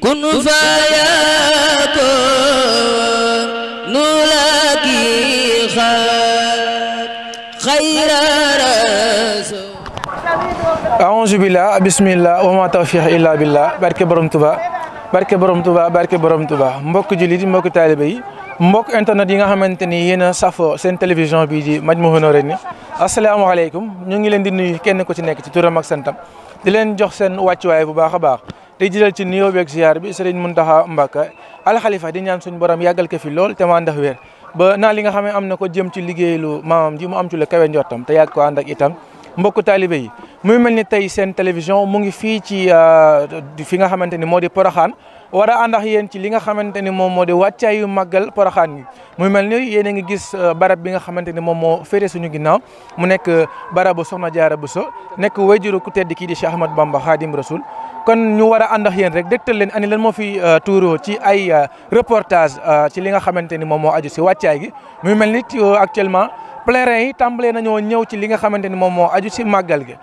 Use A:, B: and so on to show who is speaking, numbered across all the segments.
A: kun fayakoon nu laki xayra rasul a'uuzu billah bismillah wa ma tawfiq illa billah barke borom tuba barke borom tuba barke borom tuba mbokk jullit yi mbokk taalibe mbokk internet yi nga xamante ni yéen a safoo seen télévision bi di Majmahun Nurayni asalaamaaleykum ñu ngi leen di nuyu kenn ku ci nekk ci turam ak santam di leen jox seen wàccuwaay bu baax a baax te jëlal ci nuyoo beeg ziar bi sëriñ Muntaxa Mbàkke alxalifa di ñaan suñu borom yàggal ko fi lool te maa ndax wér ba naa li nga xam ne am na ko jëm ci liggéeylu maamam ji mu am ci la kawe njottam te yàgg ko ànd itam mbokku taalibe yi muy mel ni tey seen télévision mu ngi fii ci euh, fi nga xamante ni moo di Poroxaan war a ànd ak yéen ci li nga xamante ni moom moo di wàccaayu màggal poroxaan gi muy mel ni yéen a ngi gis euh, barab bi nga xamante ni moom moo féete suñu ginnaaw mu nekk euh, barabu Soxna Jaara Buso nekk wayjuru ku tedd kii di Cheikh Ahmad Bamba Xaadim Rasul kon ñu war a ànd ak yéen rek dégtal leen ani lan moo fi euh, tuuroo ci ay reportage ci li nga xamante ni moom moo aju si wàccaay gi muy mel ni actuellement pèlerins yi tàmbalee nañoo ñëw ci li nga xamante ni moom moo aju si màggal gi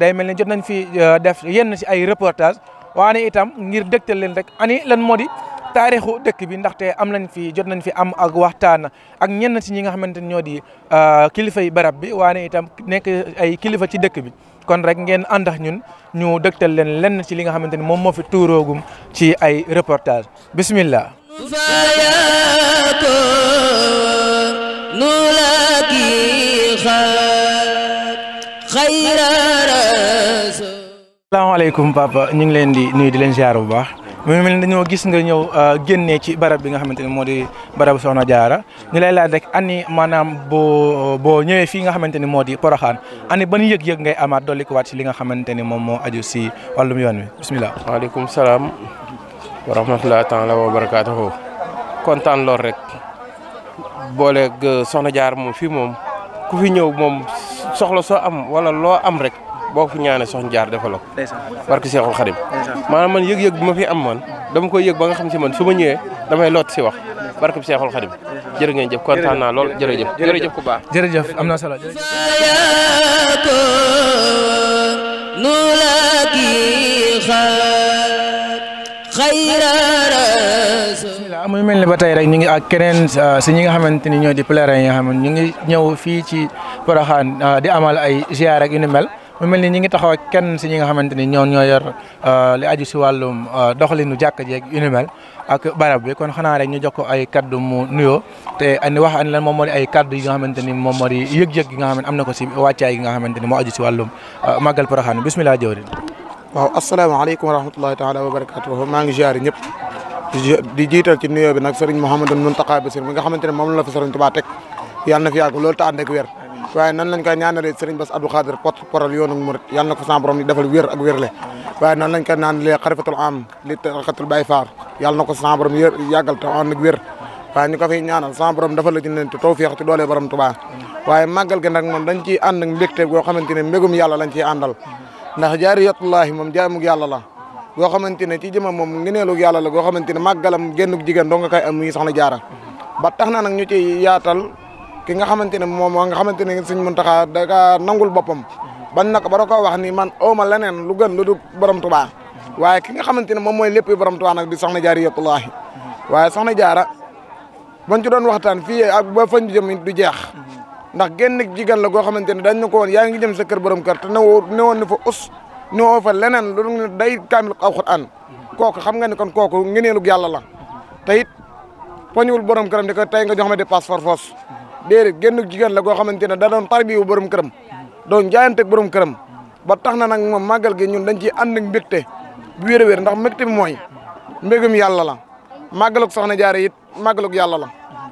A: day mel ni jot nañ fi def yenn si ay reportage waane itam ngir dégtal leen rek ani lan moo di taarixu dëkk bi ndaxte am nañ fi jot nañ fi am ak waxtaan ak ñenn ci ñi nga xamante ni ñoo di euh, kilifa yi barab bi waane itam nekk ay kilifa ci dëkk bi kon rek ngeen ànd ak ñun ñu dégtal leen lenn ci li nga xamante ni moom moo fi tuuroogum ci ay reportage bismillah خيرا salaamaaleykum papa ñu ngi leen di nuyu di leen ziar bu baax mu mel ni dañoo gis nga ñëw uh, génne ci barab bi nga xamante ne moo di barab Soxna Jaara ñu lay laaj rek ani maanaam boo boo ñëwee fii nga xamante ni moo di Poroxaan ani ban yëg-yëg nga amaat dolli ko waat si li nga xamante ne moom moo aju si wàllum yoon wi bisimilah. waaleykum salaam wa rahmatulah taala wa barakaatuhu kontaan lool rek booleeg uh, Soxna Jaara moom fii moom ku fi ñëw moom soxla soo am wala loo am rek. boo ko ñaanee soxna jaar defal la ko. barke Seexul Xadim. maanaam man yëg-yëg bi ma fi am man dama koy yëg ba nga xam si man su ma ñëwee damay lot si wax barke Seexul Xadim. jërë ngeen jëf kontaan naa lool jërëjëf. jërëjëf ku baax jërëjëf am na solo bisimilah muy mel ni ba tey rek ñu ngi ak keneen ah, si ñi nga xamante ni ñoo di pèlerin yi nga xam ñu ngi ñëw fii ci Porokhane ah, di amal ay ziar ak yu ni mel. mu mel ni ñi ngi taxaw ak kenn si ñi nga xamante ni ñoon ñoo yor euh, li aju si wàllum euh, doxalinu jàkka jeeg yu ni mel ak kon xanaa rek ñu jox ko ay kaddu mu nuyoo te ani wax ani lan moom moo di ay kaddu yi nga xamante ni moom moo di yëg-yëg yi nga xam ne am na ko nga xamante ni moo aju si wàllum euh, màggal Porokhane bisimilah jawrin
B: waaw asalaamaaleykum wa rahmatullahi taala wa barakatuh maa ngi ziar ñëpp di jiital ci nuyoo bi nag Serigne Mouhamadou Mountakha Bassir mi nga xamante ne moom la fi Serigne Touba teg yàlla na fi yàgg loolu te ànd ak wér waaye nan lañ koy ñaanalee Serigne Bass Abdou Khadir porte parole yoonu murid yàlla na ko sama borom di defal wér ak wérle waaye nan lañ koy ñaanalee xarifatul am li xarifatul Baye Faar yàlla na ko sama borom yàggal te ànd ak wér waaye ñu ko fiy ñaanal sama la ci leen te nag moom dañ ciy ànd ak mbégte goo xamante ne mbégum yàlla lañ ciy àndal ndax la goo xamante ne ci jëmam moom ngeneelug yàlla la goo xamante ne jaara ba na nag ñu ci yaatal ki nga xamante ne moom moo nga xamante ne Sëñ Muntaxa da ka nangul boppam bañ nag ba da koo wax ni man aw ma leneen lu gën lu du borom Tuubaa waaye ki nga xamante ne moom mooy lépp borom Tuubaa nag di soxna jaariyatullaahi waaye na jaara bañ ci doon waxtaan fii ak ba fañ jëm du jeex ndax genn jigéen la goo xamante ne dañ na ko woon yaa ngi jëm sa kër borom kër te newoo newoon na fo us newoo fa leneen lu day kaamil alxuraan kooku xam nga ne kon kooku ngeneelug yàlla la te it poñuwul borom këram di ko tey nga jox ma dépasse forfos déedéet génn jigéen la goo xamante ne da doon tarbiyu borom këram doon jaayanteeg borom këram ba tax na nag moom màggal gi ñun dañ ci ànd ak mbégte bu wér a ndax mbégte bi mooy mbégum yàlla la màggalug soxna jaare it màggalug yàlla la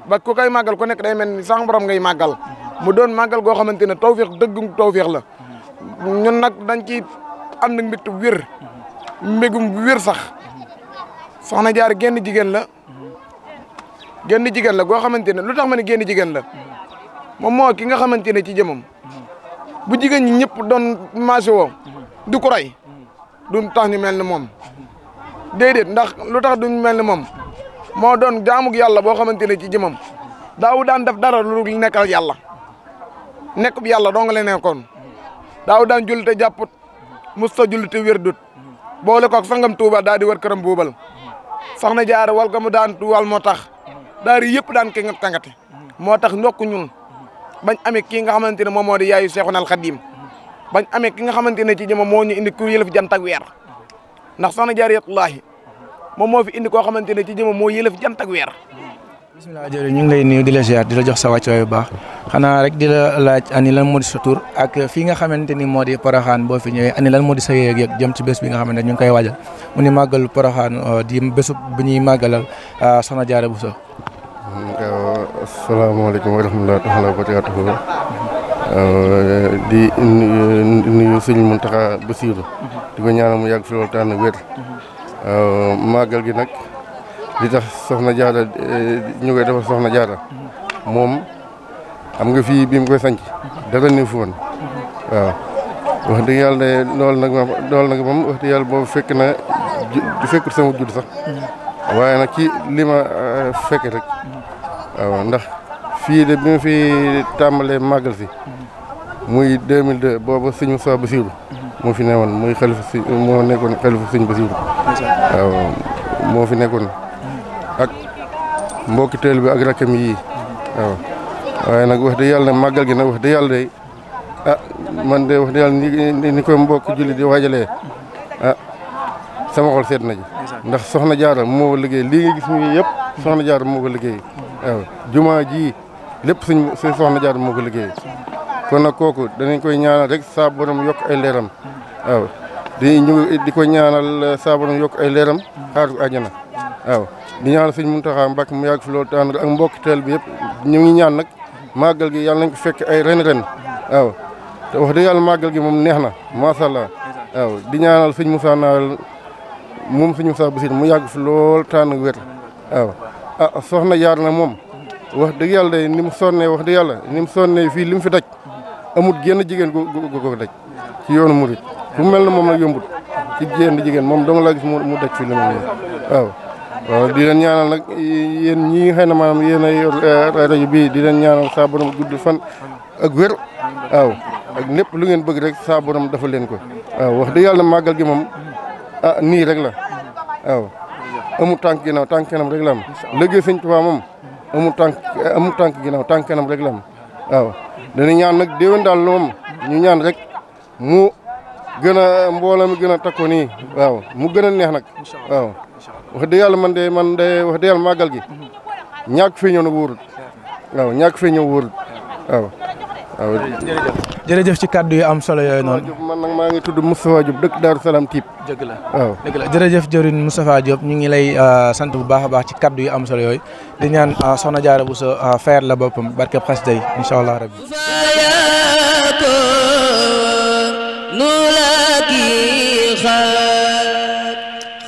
B: ba kay koy màggal ku nekk day mel ni sax borom ngay màggal mu doon màggal goo xamante ne tawféex dëggum tawféex la ñun nag dañ ci ànd ak mbégte bu wér mbégum bu wér sax soxna jaar genn jigéen la génn jigéen la goo xamante ne lu tax ma ne génn jigéen la moom moo ki nga xamante ne ci jëmam bu jigéen ñi ñëpp doon maase woo du ko rey du tax ñu mel ni moom déedéet ndax lu tax duñ mel ni moom moo doon jaamug yàlla boo xamante ne ci jëmam daaw daan def dara lu nekkal yàlla bu yàlla dong la nekkoon daaw daan julli te jàpput musta julli te wérdut boole koog sangam tuuba daal di wër këram buubal sax na jaar wal ko mu daan tuwal moo tax daara yëpp daan koy ngap tàngate moo tax ndokk ñun bañ amee kii nga xamante ne moom moo di yaayu Seexuna al Xadiim bañ amee ki nga xamante ne ci jëma moo ñu indi ku yëlëf jant ak weer ndax soxna Jaaratullaahi moom moo fi indi koo xamante ne ci jëma moo yëlëf jant ak weer
A: bisimilah jërëjëf ñu ngi lay nuyu di la ziar di la jox sa wàccuwaay bu baax xanaa rek di la laaj ani lan moo di sa tur ak fi nga xamante ni moo di Porokhane boo fi ñëwee ani lan moo di sa yëg-yëg jëm ci bés bi nga xam ne ñu ngi koy waajal mu ni màggal Porokhane di bésub bu ñuy màggalal ah, Soxna Jaara Buso
C: asalaamaaleykum wa rahmatulah taala wa barakaatuhu di nuyu sëñ Mountakha Bassirou di ko ñaanal mu yàgg fi loolu tànn wér màggal gi nag di tax soxna jaara ñu koy defal soxna jaara moom am nga fii bi mu koy sanc dara ne fu waaw wax dëgg yàlla ne loolu nag moom loolu nag boobu fekk na ju fekkul sama judd sax mm-hmm. waaye nag ci li ma fekke rek ndax fii de bi ma fi tàmbalee màggal si muy 2002 booba sëñ Moussa Bassirou moo fi newoon muy xalifa si moo nekkoon xalifa sëñ Bassirou waaw moo fi nekkoon ak mbokki teel bi ak rakkam yii waaw waaye nag wax de yàlla nag màggal gi nag wax dëgg yàlla de ah man de wax dëgg yàlla ni koy mbokk julli di waajalee ah sama xol seet na ji ndax soxna Jaara moo ko liggéey lii nga gis muy yëpp soxna Jaara moo liggéey waaw jumaa ji lépp suñ suñ soxna jaar moo ko liggéey kon nag kooku danañ koy ñaanal rek saa borom yokk ay leeram waaw di ñu di ko ñaanal euh, saa borom yokk ay leeram xaar ko àjjana waaw di ñaanal suñ Muntaxa Mbàkke mu yàgg fi loolu ak mbokk teel bi yëpp ñu ngi ñaan nag màggal gi yàlla nañ ko fekk ay ren ren waaw te wax dëgg yàlla màggal gi moom neex na macha allah waaw di ñaanal suñ Musaa Naawel moom suñu Musaa Basiir mu yàgg fi lool tànn wér ah soxna jaar na moom wax dëgg yàlla day ni mu sonnee wax dëgg yàlla ni mu sonnee fii li mu fi daj amut génn jigéen gu gu ko daj ci yoonu murit mu mel na moom nag yombut ci génn jigéen moom dama laa gis mu daj fii li mu nii waaw waaw di leen ñaanal nag yéen ñi nga xam yéen a yor eh, rajo bii di leen ñaanal saa borom gudd fan ak wér waaw ak lépp lu ngeen bëgg rek saa borom dafa leen ko waaw wax dëgg yàlla màggal gi moom ah nii rek la waaw amu tànk gi naw tànk kanam rek la am liggéey sëñ Tuubaa moom amul tànk amul tànk ginnaaw tànk kanam rek la am ñaan nag déwén daal moom ñu ñaan rek mu gën a mbooloo mi gën a takku nii aw mu gën a neex nag waaw wax dëgg yàlla man de man de wax dëgg yàlla màggal gi ñàkk fee ñëw na wóorul waaw ñàkk fee ñëw wóorul
A: jërëjëf ci kàddu yu am solo yooyu noonu.
C: man nag maa ngi tudd Moustapha Diop dëkk Daaru Salaam Typ. dëgg la waaw jërëjëf
A: jëriñ Moustapha Diop ñu ngi lay euh, sant bu baax a baax ci kàddu yi am solo yooyu di ñaan euh, soxna Diarra Bousso euh, fayar la boppam barke xas day incha allah rabbi.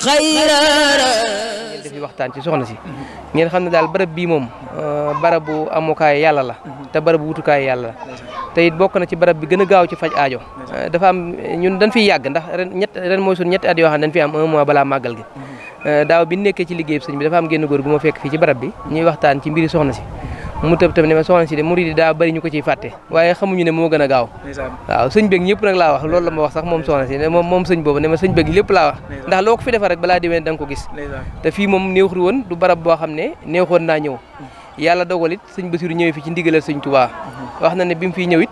D: خير waxtaan ci soxna si ngeen xam ne daal barab bii moom euh, barabu amukaay yàlla la te barabu wutukaay yàlla la te it bokk na ci barab bi gën a gaaw ci faj aajo euh, dafa am ñun dañ fiy yàgg ndax ren ñett ren mooy suñu ñetti at yoo xam ne dañ fi am un mois balaa màggal gi euh, daaw bi nekkee ci liggéey sëñ bi dafa am génn góor gu ci barab bi ñuy waxtaan ci mbiri soxna si mu tëb tëb ne ma si de murid yi daa bëri ñu ko ciy fàtte waaye xamuñu ne moo gën a gaaw waaw sëñ beeg ñëpp nag laa wax loolu la wax sax moom soxna si ne moom moom sëñ boobu ne ma sëñ beeg lépp laa wax ndax loo ko fi defar rek da nga ko gis te fii moom neexul woon fi ci ndigalal sëñ Tuubaa mhm. wax na ne bi mu fiy ñëwit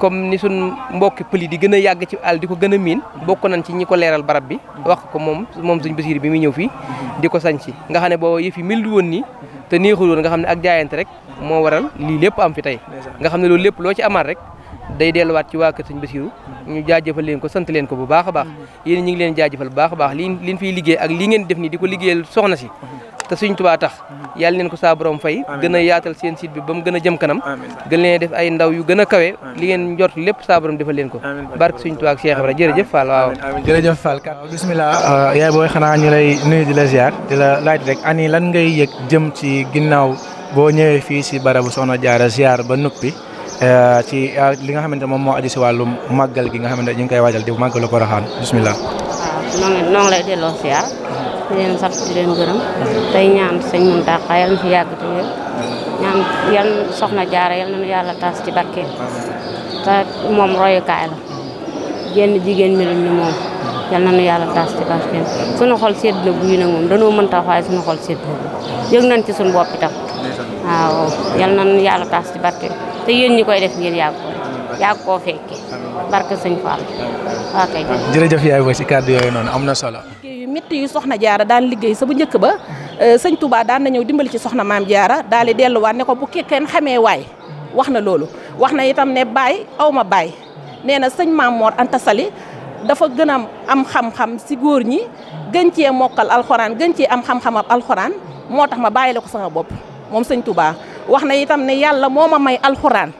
D: comme ni suñ mbokki pëli di gën a yàgg ci àll di ko gën a miin mhm. bokk nañ ci ñi ko leeral barab bi mhm. wax ko moom moom sëñ Basiru bi muy ñëw fii di ko sañ si nga xam ne boo yëf yi mel woon nii te neexul woon nga xam ne ak jaayante rek moo waral lii lépp am fi tey nga xam ne loolu lépp loo ci amaat rek day delluwaat ci waa kër sëñ Basiru ñu jaajëfal leen ko sant leen ko bu baax a baax mm-hmm. yéen ñi ngi leen jaajëfal bu baax baax li liñ fiy liggéey ak li ngeen def ni di ko liggéeyal soxna si te Sëriñ Tuubaa tax yàlla neen ko saa borom fay gën a yaatal seen site bi ba mu gën a jëm kanam gën leen def ay ndaw yu gën a kawe li ngeen njort lépp saa borom defal leen ko barke Sëriñ Tuubaa ak Cheikh Ibra jërëjëf Fall waaw jërëjëf
A: uh, xanaa ñu lay la ziar di laaj rek ani lan ngay yëg jëm ci ginnaaw boo ñëwee fii si barabu Soxna Jaara ziar ba noppi uh, ci uh, li nga xamante moom moo aju si wàllu màggal gi nga xamante ñu ngi koy waajal di màggalu Porokhane bismillah
E: waaw ah, noo ngi di leen gërëm tey ñaan sëñ Muntaxa yal na fi yàgg te wér ñaan yal soxna jaara yal nañu yàlla taas ci barke te moom royukaay la génn jigéen meluñ ni moom yal nañu yàlla taas ci barke suñu xol sedd na guy ci suñu bopp itam waaw yàlla taas ci barke te yéen ñi koy def ngeen yàgg ko yàgg koo fekke barke sëñ Fall waaw kay
A: jërëjëf yaay ba ci kàddu yooyu noonu am na solo
E: yu métti yu soxna jaara daan liggéey sa bu njëkk ba euh, sëñ tubaa daan na ñëw dimbali ci soxna maam jaara daal di delluwaat ne ko bu kekkeen xamee waay wax na loolu wax na itam ne baay aw ma baay nee na sëñ maam Mor Anta Sali dafa gën a am xam-xam si góor ñi gën cee mokkal alxuraan gën cee am xam-xam ab alxuraan moo tax ma bàyyi la ko sama bopp moom sëñ Touba wax na itam ne yàlla moo ma may alxuraan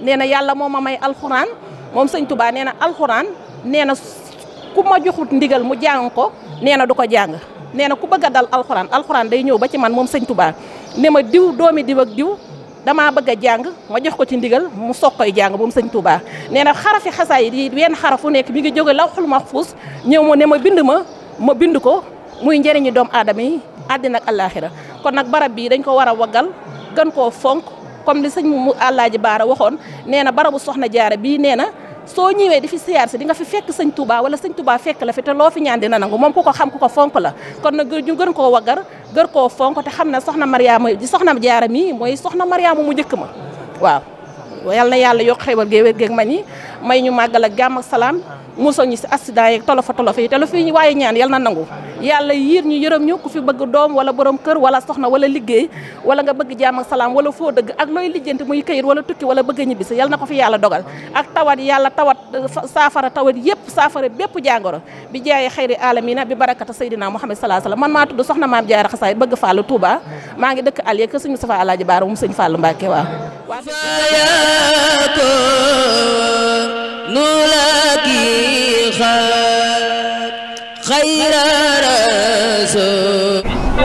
E: nee na yàlla moo ma may alxuraan moom sëñ Touba nee na alxuraan nee nee na du ko jàng nee na ku bëgg a dal alxuraan alxuraan day ñëw ba ci man moom sëñ Touba ne ma diw doomi diw ak diw damaa bëgg a jàng ma jox ko ci ndigal mu soog koy jàng moom sëñ Touba nee na xarafi xasaayid yi wenn xarafu nekk mi ngi jóge lawxul mahfuus ñëw ma ne ma bind ma ma bind ko muy njëriñu doomu aadama yi àddina ak àllaaxira kon nag barab bii dañ ko war a waggal gën koo fonk comme li sëñ mu àllaaji baara waxoon nee na barabu soxna jaara bii nee na soo ñëwee difi fi siyaar si di nga fi fekk sëñ Touba wala sëñ tubaa fekk la fi te loo fi ñaan na nangu moom ku ko xam ku ko fonk la kon nag ñu gën koo waggar gër koo fonk te xam ne soxna Mariama di soxna Jaara mi mooy soxna Mariama mu njëkk ma waaw yal na yàlla yokk xewal gee wér geeg ma ñi may ñu màggal a jàmm ak salaam musal ñu si accident yeeg tolofa tolofa yi te lu fi waaye ñaan yal na nangu yàlla yiir ñu yërëm ñu ku fi bëgg doom wala borom kër wala soxna wala liggéey wala nga bëgg jàmm ak salaam wala foo dëgg ak looy lijjanti muy këyit wala tukki wala bëgg a ñibbisi yal na ko fi yàlla dogal ak tawat yàlla tawat saafara tawat yëpp saafara bépp jàngoro bi jaayee xayri alamina bi barakata saydina Muhammad salaam man maa tudd soxna maam jaara bëgg Fallou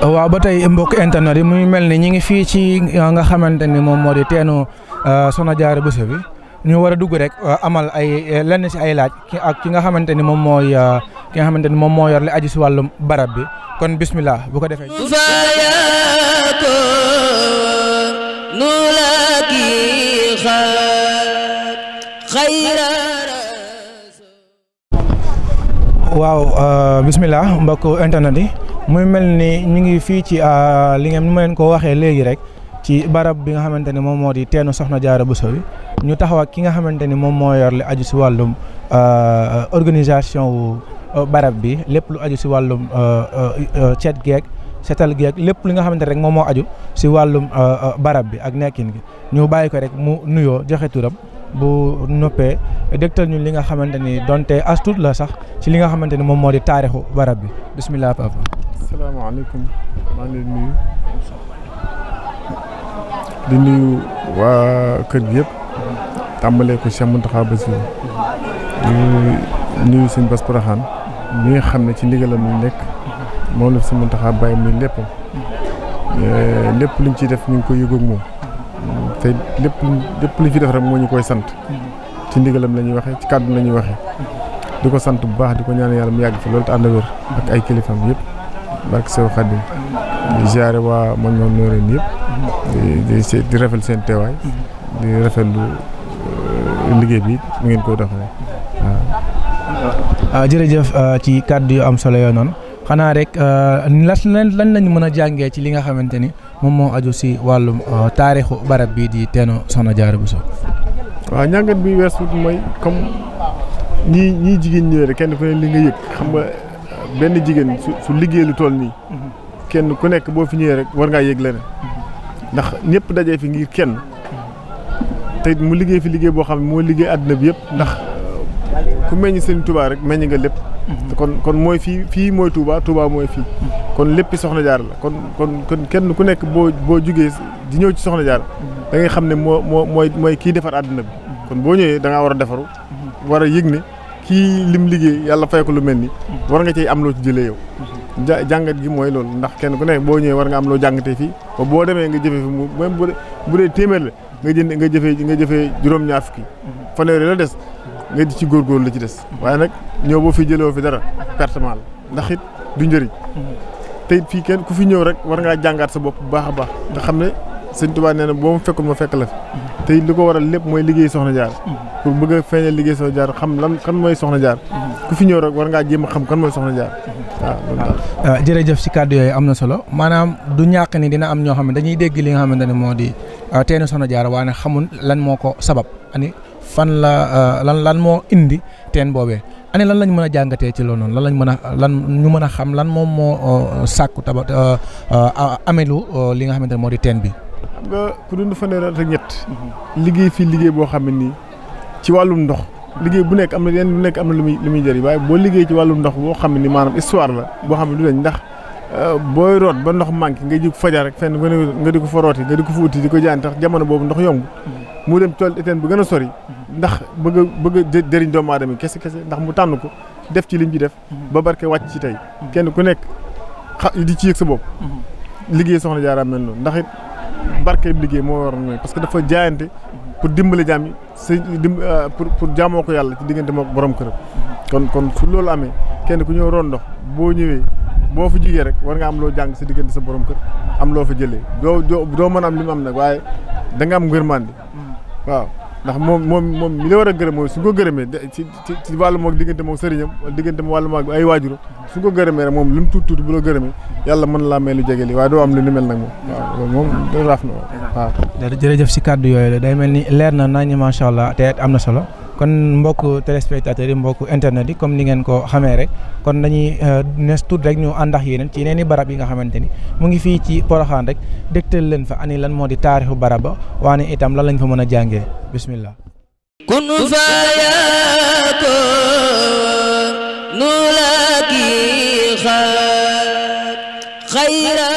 A: waaw ba tey mbokk internet yi muy mel ni ñi ngi fii ci uh, nga xamante ni moom moo di teenu uh, Soxna Jaara Buso bi ñu war a dugg rek uh, amal ay lenn si ay laaj ak ki nga xamante ni moom mooy ki nga xamante ni moom moo yor li aju si wàllu barab bi kon bismillah bu ko defee. nu la waaw euh, bismillah mbokk internet yi muy mel ni ñu ngi fii ci euh, li ngeen nu ma leen ko waxee léegi rek ci barab bi nga xamante ni moom moo di teenu soxna jaara Bousso bi ñu taxaw ak ki nga xamante ni moom moo yor li aju si wàllum euh, organisation barab bi lépp lu aju si wàllum cet geeg setal geeg lépp li nga xamante rek moom moo aju si wàllum barab bi ak nekkin gi ñu bàyyi ko rek mu nuyoo joxe turam bu noppee dégtal ñun li nga xamante ni donte as la sax ci li nga xamante ni moom moo di taarixu barab bi bisimilah papa.
F: salaamaaleykum maa ngi leen nuyu di nuyu waa kër gi yëpp tàmbalee ko Cheikh Mountakha Bassirou di nuyu suñu bas Porokhane mi xam ne ci ndigalam ñu nekk moom la Cheikh Mountakha bàyyi muy lépp eh, lépp luñ ciy def ñu ngi ko yëgoog moom. te lépp lépp lu fi def rek moo ñu koy sant mm-hmm. ci ndigalam lañuy ñuy ci kàddu la ñuy waxee mm-hmm. di ko sant bu baax di ko ñaan yàlla mu yàgg ci loolu te ànd wér ak ay kilifaam yëpp mm-hmm. barke Sew Xadim di waa man ñoom nooreen yëpp di di seen teewaay
A: di rafetlu euh, liggéey bi mu ngeen koo doxalee waaw ah, jërëjëf ah, ci kàddu yu am solo yoo noonu xanaa rek las euh, lan lan lañ mën a jàngee ci li nga xamante ni moom moo aju si wàllum euh, taarixu barab bii di teenu Soxna bu Bousso. waaw ñàngat bi weesu mooy comme ñii
F: ñii jigéen ñi rek kenn ku ne li xam nga benn jigéen liggéey lu toll nii. ku nekk boo fi ñëwee rek war ngaa yëg leneen ndax ñëpp dajee fi ngir kenn te mu liggéey fi liggéey boo xam ne moo liggéey àddina bi yëpp ndax ku meññ seen Touba rek meññ nga lépp. Mhm. kon kon mooy fii fii mooy Touba Touba mooy fii. Mhm. kon léppi soxna jaar la kon kon kon kenn ku nekk boo boo jugee di ñëw ci soxna jaar. Mhm. da xam ne moo moo mooy mooy kii defar àdduna bi. kon boo ñëwee da ngaa war a defaru. war a yëg ne kii lim liggéey yàlla fay lu mel ni war nga cay am loo ci jëlee yow. ja jàngat gi mooy loolu ndax kenn ku nekk boo ñëwee war nga am loo jàngatee fii ba boo demee nga jëfee fi mu même bu dee téeméer la nga jënd nga jëfee nga jëfee juróom-ñaar fukki. fanweeri la des nga di ci góor la ci des. waaye nag ñëw boo fi jëloo fi dara pertement la ndax it du njëriñ. te fii kenn ku fi ñëw rek war ngaa jàngaat sa bopp bu baax a baax nga xam ne sëñ Tuubaa nee na boo ma fekkul ma fekk la fi. te it li ko waral lépp mooy liggéey soxna jaar. pour bëgg a feeñal liggéey soxna jaar xam lan kan mooy soxna jaar. ku fi ñëw rek war ngaa jéem a xam kan mooy soxna jaar. waaw
A: ah, jërëjëf si kàddu yooyu am na solo maanaam du ñàkk ni dina am ñoo xam ne dañuy dégg li nga xamante ne moo di ah, teenu soxna jaar waaye nag xamul lan moo ko sabab ani fan la euh, lan lan moo indi teen boobee année lan lañ mën a jàngatee ci loolu noonu lan lañ mën a lan ñu mën a xam lan moom moo euh, sàkku taba euh, amelu li nga xamante ne moo di teen bi.
F: xam nga ku dund fanweeri at ak ñett. liggéey fii liggéey boo xam ne nii ci wàllum ndox. liggéey bu nekk am na yenn bu nekk am lu muy lu muy jëriñ waaye boo liggéey ci wàllum ndox boo xam ne ni maanaam histoire la boo xam ne du dañ ndax. booy root ba ndox manqué nga jug fajar rek fenn nga di ko fa rooti nga di ko fa uti di ko jaan jamono boobu ndox yomb mu dem tool éteen bu gën a sori ndax bëgg a bëgg a jëriñ doomu aadama kese kese ndax mu tànn ko def ci lim ci def ba barke wàcc ci tey kenn ku nekk xa di ci yëg sa bopp liggéey soxna Diarra mel noonu ndax it barke liggéey moo waroon mooy parce que dafa jaayante pour dimbali jaam yi sa dim euh, pour pour jaamoo ko yàlla ci diggante moom borom këram kon kon su loolu amee kenn ku ñëw roon ndox boo ñëwee boo fa jugee rek war nga am loo jàng si diggante sa borom kër am loo fa jëlee doo doo mën am li mu am nag waaye da nga am ngërmande mm. waaw ndax moom moom moom mi la war a gërëm su gërëmee ci ci ci wàllu moog diggante moom sëriñam wala diggante moom wàllu moog ay waajur su ko gërëmee moom lu mu tuut tuut bu la gërëmee yàlla mën laa may lu jege li waaye doo am lu ni mel nag moom waaw moom raaf na waaw
A: jërëjëf si kàddu yooyu la day mel ni leer na naa ñi macha allah te am na solo kon mbokk téléspectateurs yi mbokk internet yi comme ni ngeen ko xamee rek kon dañuy euh, nes tuut rek ñu àndax yéneen ci yeneen i barab yi nga xamante ni mu ngi fii ci Poroxaan rek dégtal leen fa ani lan moo di taarixu barab ba waane itam lan lañ fa mën a jàngee bismillah kun fayako nulaki xayra